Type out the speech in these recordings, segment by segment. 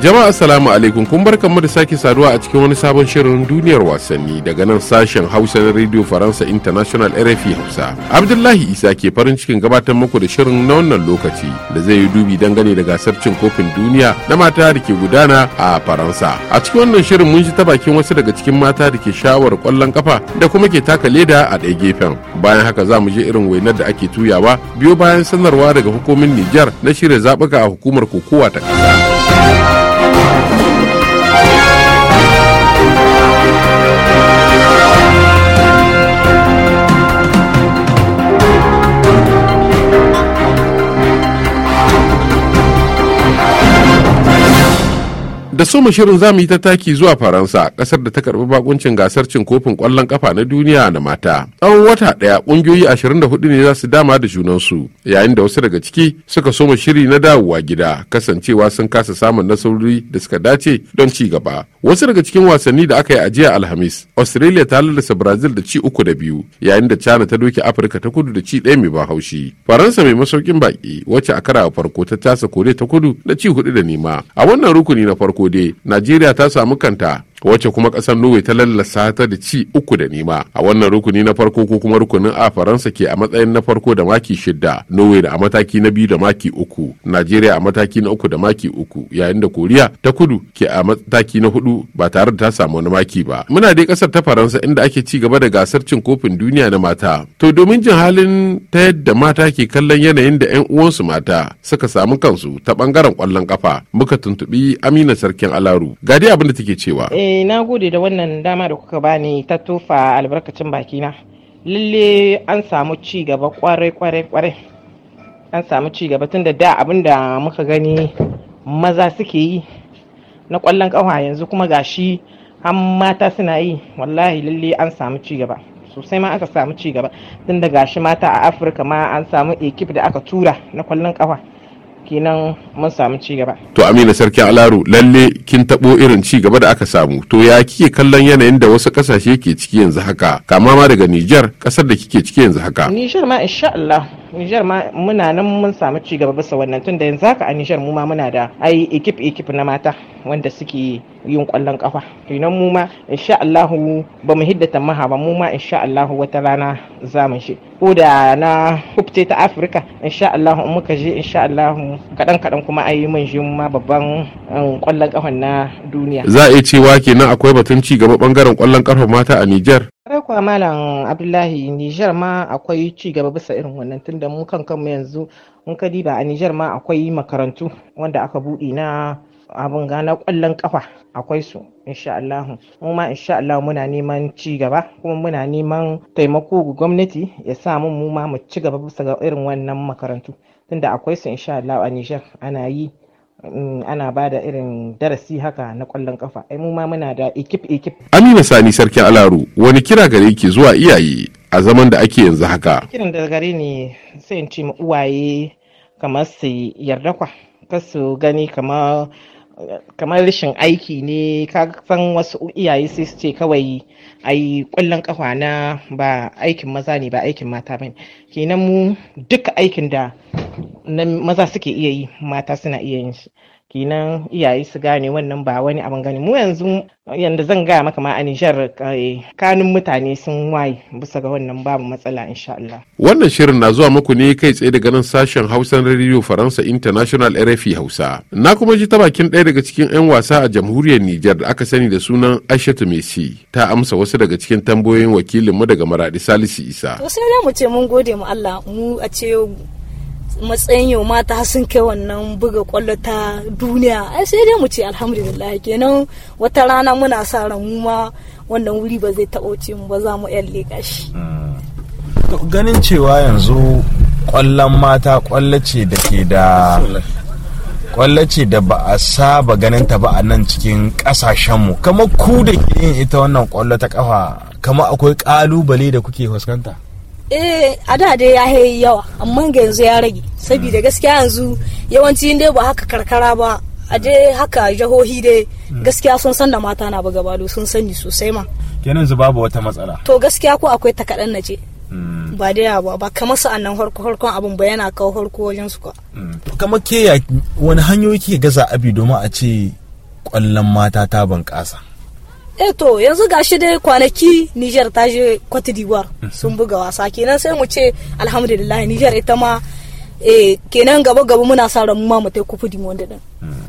Jama'a assalamu alaikum kun bar kamar da sake saduwa a cikin wani sabon shirin duniyar wasanni daga nan sashen Hausa na Radio Faransa International RFI Hausa. Abdullahi Isa ke farin cikin gabatar muku da shirin na wannan lokaci da zai yi dubi dangane da gasar cin kofin duniya na mata da ke gudana a Faransa. A cikin wannan shirin mun ji ta bakin wasu daga cikin mata da ke shawar kwallon kafa da kuma ke taka leda a ɗaya gefen. Bayan haka za mu je irin wainar da ake tuyawa biyo bayan sanarwa daga hukumin Nijar na shirya zaɓuka a hukumar kokowa ta ƙasa. da soma shirin za yi ta taki zuwa faransa kasar da ta karbi bakuncin gasar cin kofin kwallon kafa na duniya na mata tsawon wata daya kungiyoyi 24 ne za su dama da junansu yayin da wasu daga ciki suka soma shiri na dawowa gida kasancewa sun kasa samun nasarori da suka dace don ci gaba wasu daga cikin wasanni da aka yi a jiya alhamis australia ta lalasa brazil da ci uku da biyu yayin da china ta doke afirka ta kudu da ci ɗaya mai ba haushi faransa mai masaukin baki wacce a karawa farko ta tasa kore ta kudu da ci hudu da nema a wannan rukuni na farko gode najeriya ta samu kanta wacce kuma kasar norway ta lallasa ta da ci uku da nema a wannan rukuni na farko ko kuma rukunin a faransa ke a matsayin na farko da maki shida norway da a mataki na biyu da maki uku nigeria a mataki na uku da maki uku yayin da koriya ta kudu ke a mataki na hudu ba tare da ta samu wani maki ba muna dai kasar ta faransa inda ake ci gaba da gasar cin kofin duniya na mata to domin jin halin ta yadda mata ke kallon yanayin da yan uwansu mata suka samu kansu ta bangaren kwallon kafa muka tuntubi amina sarkin alaru gadi dai abin da take cewa eh, Eh na gode da wannan dama da kuka bani ta tofa albarkacin bakina. Lalle an samu ci gaba kwarai kwarai kwarai. An samu ci gaba tun da da abin da muka gani maza suke yi na kwallon kawa yanzu kuma gashi an mata suna yi wallahi lalle an samu ci gaba sosai ma aka samu ci gaba tun da gashi mata a Afirka ma an samu ekip da aka tura na kwallon kafa. kinan mun samu ci gaba. To Amina Sarki Alaru lalle kin tabo irin ci gaba da aka samu to ya kike kallon yanayin da wasu kasashe ke ciki yanzu haka kama ma daga Nijar kasar da kike ciki yanzu haka. Nijar ma insha Allah Nijar ma muna nan mun samu ci gaba bisa wannan tun da yanzu haka a Nijar mu ma muna da ai ekip ekip na mata wanda suke yin kwallon kafa kenan mu ma insha Allah ba mu hiddata maha ba mu ma insha Allah wata rana za mu shi ko da na hufte ta Afirka insha Allah in muka je insha Allah kadan kadan kuma ayi mun je ma babban um, kwallon kafa na duniya za a yi cewa kenan akwai batun ci gaba bangaren kwallon kafa mata a Niger kwa malam abdullahi nijar ma akwai ci gaba bisa irin wannan tunda mu kan kanmu yanzu in ka diba a nijar ma akwai makarantu wanda aka buɗe na abin gana kwallon kafa akwai su insha Allah mu ma insha Allah muna neman ci gaba kuma muna neman taimako ga gwamnati ya sa mu mu ma mu ci gaba bisa ga irin wannan makarantu tunda akwai su insha Allah a Niger ana yi mm, ana ba da irin darasi haka na kwallon kafa ai mu ma muna da ekip ekip Amina Sani sarkin Alaru wani kira gare ki zuwa iyaye a zaman da ake yanzu haka kiran da gare ni sai in ce uwaye kamar su yarda kwa kasu gani kamar kamar rashin aiki ne ka san wasu iyaye sai su ce kawai yi kwallon kafa na ba aikin maza ne ba aikin mata bane kenan mu duka aikin da maza suke iya yi mata suna iya yin shi kinan iyaye su gane wannan ba wani abin gani mu yanzu yanda zan gaya maka ma a Nijar eh, kanun mutane sun waye bisa ga wannan babu matsala insha Allah wannan shirin na zuwa muku ne kai tsaye daga nan sashen Hausan Radio Faransa International RFI Hausa na kuma ji ta bakin ɗaya daga cikin 'yan wasa a jamhuriyar Nijar da aka sani da sunan Aishatu Messi ta amsa wasu daga cikin tambayoyin wakilinmu daga Maradi Salisu Isa wasu ne mu ce mun gode mu Allah mu a ce matsayin yau mata sun kai wannan buga kwallo ta duniya ai sai dai mu ce alhamdulillah kenan wata rana muna sa ran mu ma wannan wuri ba zai taɓa ce mu ba za mu yan leƙa shi ganin cewa yanzu kwallon mata kwallo ce da ke da kwallo ce da ba a saba ganin ta ba a nan cikin mu kama ku da ke yin ita wannan kwallo ta kafa kama akwai kalubale da kuke fuskanta eh a da dai ya yi yawa amma ga yanzu ya rage saboda hmm. gaskiya yanzu yawanci inda ba haka karkara ba a dai haka jihohi dai hmm. gaskiya sun san da mata na buga balo sun sani sosai ma kenan zuba babu wata matsala to gaskiya ko akwai ta kaɗan na ce hmm. ba da yawa ba kamar su annan harko harkon abin ba yana kawo harko wajen su ka kamar ke wani hanyoyi ke gaza abi domin a ce kwallon mata ta bunƙasa e to yanzu gashi dai kwanaki Niger ta je Cote d'Ivoire mhm. sun buga wasa kenan sai mu ce alhamdulillah Niger ita ma eh kenan gaba gaba muna sa ran ma mu tai kufu din wanda din hmm.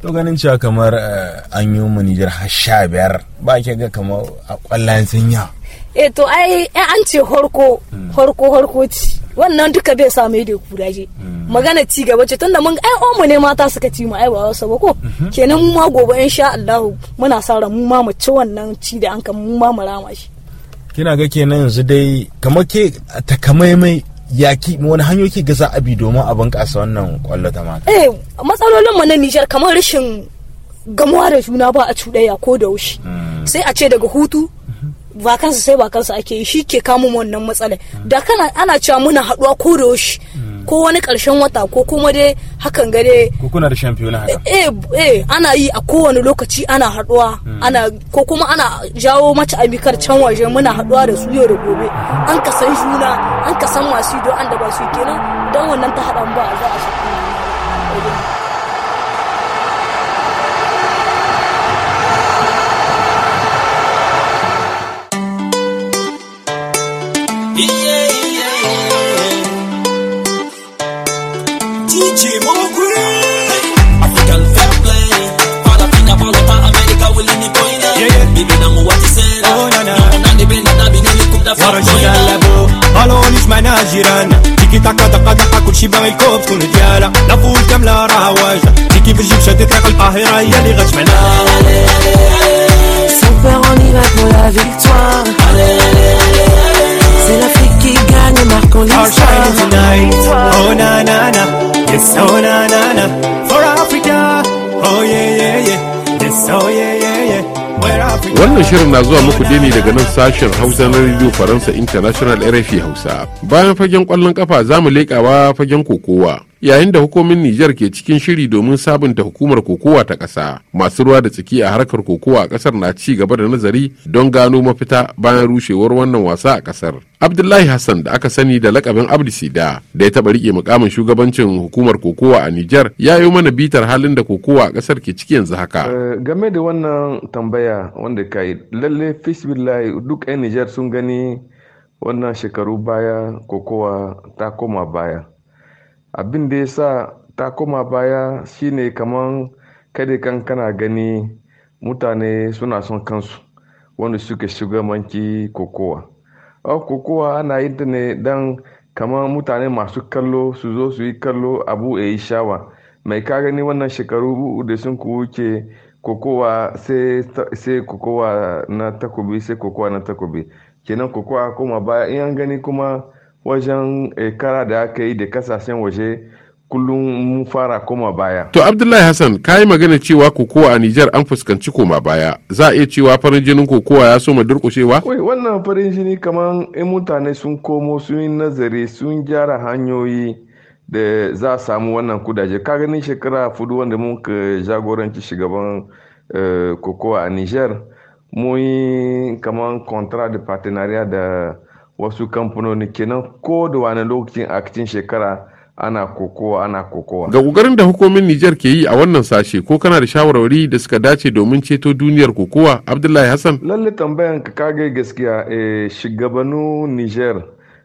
to ganin cewa kamar eh, an yi mu Niger har sha biyar ba ke ga kamar a kwallayen sun ya eh to ai eh, an ce horko hmm. horko horko ci wannan duka bai sa mai da kuraje mm. magana ci gaba ce tunda mun ai omu ne mata suka ci mu ai ba wasu ba ko mm-hmm. kenan mu ma gobe sha Allah muna sa ran mu ma mu ci wannan ci da an kan mu ma mu rama shi kina ga kenan yanzu dai kamar ke takamaimai yaki wani hanyoyi ga za a bi domin a bunƙasa wannan kwallo ta mata eh matsalolin mu na Nijar kamar rashin gamuwa da juna ba a cuɗaya ko da wushi mm. sai a ce daga hutu ba kansu sai ba kansu ake yi shi ke kamun wannan matsalar da kana ana cewa muna haɗuwa ko da yaushe ko wani ƙarshen wata ko kuma dai hakan gare ko kuna da shampiyona na haka eh eh ana yi a kowane lokaci ana haɗuwa hmm. ana ko kuma ana jawo mata amikar can waje muna haɗuwa da su yau da gobe an kasan juna an kasan masu don an da ba su kenan don wannan ta haɗa ba za a ورشيد اللابو بالوني سمعنا جيراننا تيكي تاكا دقا دقا كلشي باغي الكوب تكون ديالا لا فول كاملة راها واجدة تيكي في الجيب شادي طريق القاهرة هي اللي غتسمعنا Super on y va pour la victoire C'est l'Afrique qui gagne, marquons l'histoire oh na na na Yes, oh na na na For Africa, oh yeah yeah yeah Yes, oh yeah Wannan shirin na zuwa muku ne daga nan sashen Hausa na Radio Faransa International RFI Hausa. Bayan fagen kwallon kafa za mu leƙawa fagen kokowa. yayin da hukumin Nijar ke cikin shiri domin sabunta hukumar kokowa ta ƙasa. Masu ruwa da tsaki a harkar kokowa a ƙasar na ci gaba da nazari don gano mafita bayan rushewar wannan wasa a ƙasar. Abdullahi Hassan da aka sani da lakabin Abdi Sida da ya taba rike mukamin shugabancin hukumar kokowa a Nijar ya yi mana bitar halin da kokowa a ƙasar ke ciki yanzu haka. Eh, game da wannan tambaya wanda ka yi lalle fisbillahi duk 'yan Nijar sun gani wannan shekaru baya kokowa ta koma baya. abin da ya sa ta koma baya shine kaman kada kan kana gani mutane suna son kansu wanda suke manki kokowa kokowa ana yi ta ne dan kamar mutane masu kallo su zo su yi kallo abu a yi shawa mai ka gani wannan shekaru da sun ku wuce kokowa sai kokowa na takobi sai kokowa na takobi kenan kokowa koma baya in an gani kuma wajen eh, kara da aka yi da kasashen waje kullum mun fara koma baya. To Abdullahi Hassan ka yi magana cewa kokowa a Nijar an fuskanci koma baya za a iya cewa farin jinin kokowa ya soma durƙushewa? Wai wannan farin jini kamar in mutane sun komo sun yi nazari sun gyara hanyoyi da za a samu wannan kudaje ka ganin shekara fudu wanda mun ka jagoranci shugaban eh, kokowa a Nijar mun yi kamar contrat de partenariat da wasu kamfanoni kenan ko da wani lokacin a cikin shekara ana kokowa ana kokowa. Ga kokarin da hukumomin Nijar ke yi a wannan sashe ko kana da shawarwari da suka dace domin ceto duniyar kokowa Abdullahi Hassan. Lalle tambayan ka kage gaskiya eh, shugabannin Nijar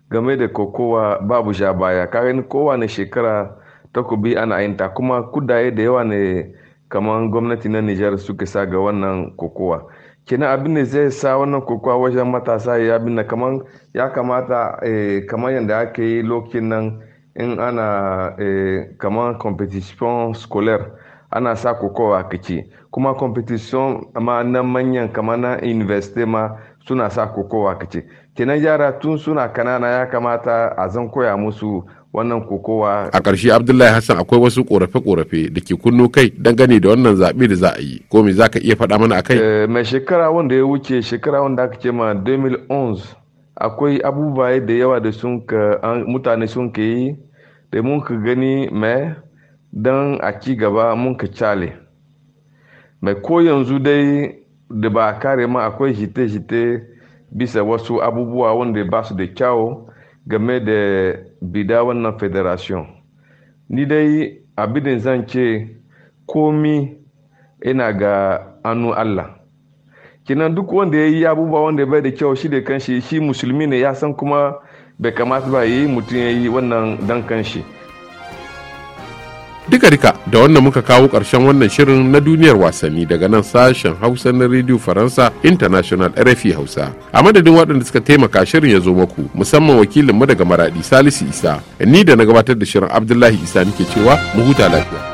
game da kokowa babu sha baya kaga kowane shekara takobi ana yin kuma kudaye da yawa ne kamar gwamnati na Nijar suka sa ga wannan kokowa. kenan abin da zai sa wannan kokowa wajen matasa ya abin da kaman ya kamata eh, kamar yadda ake yi lokacin nan in ana eh, kaman competition scolaire ana sa kokowa kake kuma competition ma na manyan kaman na university ma suna sa kokowa kake kenan yara tun suna kanana ya kamata a zan koya musu wannan kokowa a ƙarshe abdullahi hassan akwai wasu ƙorafe-ƙorafe da ke kunno kai dangane da wannan zaɓe da za a yi ko me za ka iya faɗa mana a kai eh, mai shekara wanda ya wuce shekara wanda aka ce ma 2011 akwai abubuwa da yawa da sun ka mutane sun ka yi da mun ka gani mai don a ci gaba mun ka cale mai ko yanzu dai da ba kare ma akwai shite-shite bisa wasu abubuwa wanda ba su da kyau game da bida wannan federation ni dai abidin zan ce komi ina ga anu Allah kinan duk wanda ya yi abubuwa wanda bai da kyau shi da kanshi shi musulmi ne ya san kuma bai kamata ba yi mutum ya yi wannan dan kanshi Duka-duka da wannan muka kawo ƙarshen wannan shirin na duniyar wasanni daga nan sashen Hausa na Radio Faransa International RFI Hausa. A madadin waɗanda suka taimaka shirin ya zo maku musamman wakilinmu daga Maradi Salisu Isa. Ni da na gabatar da shirin Abdullahi Isa nake cewa mu huta lafiya.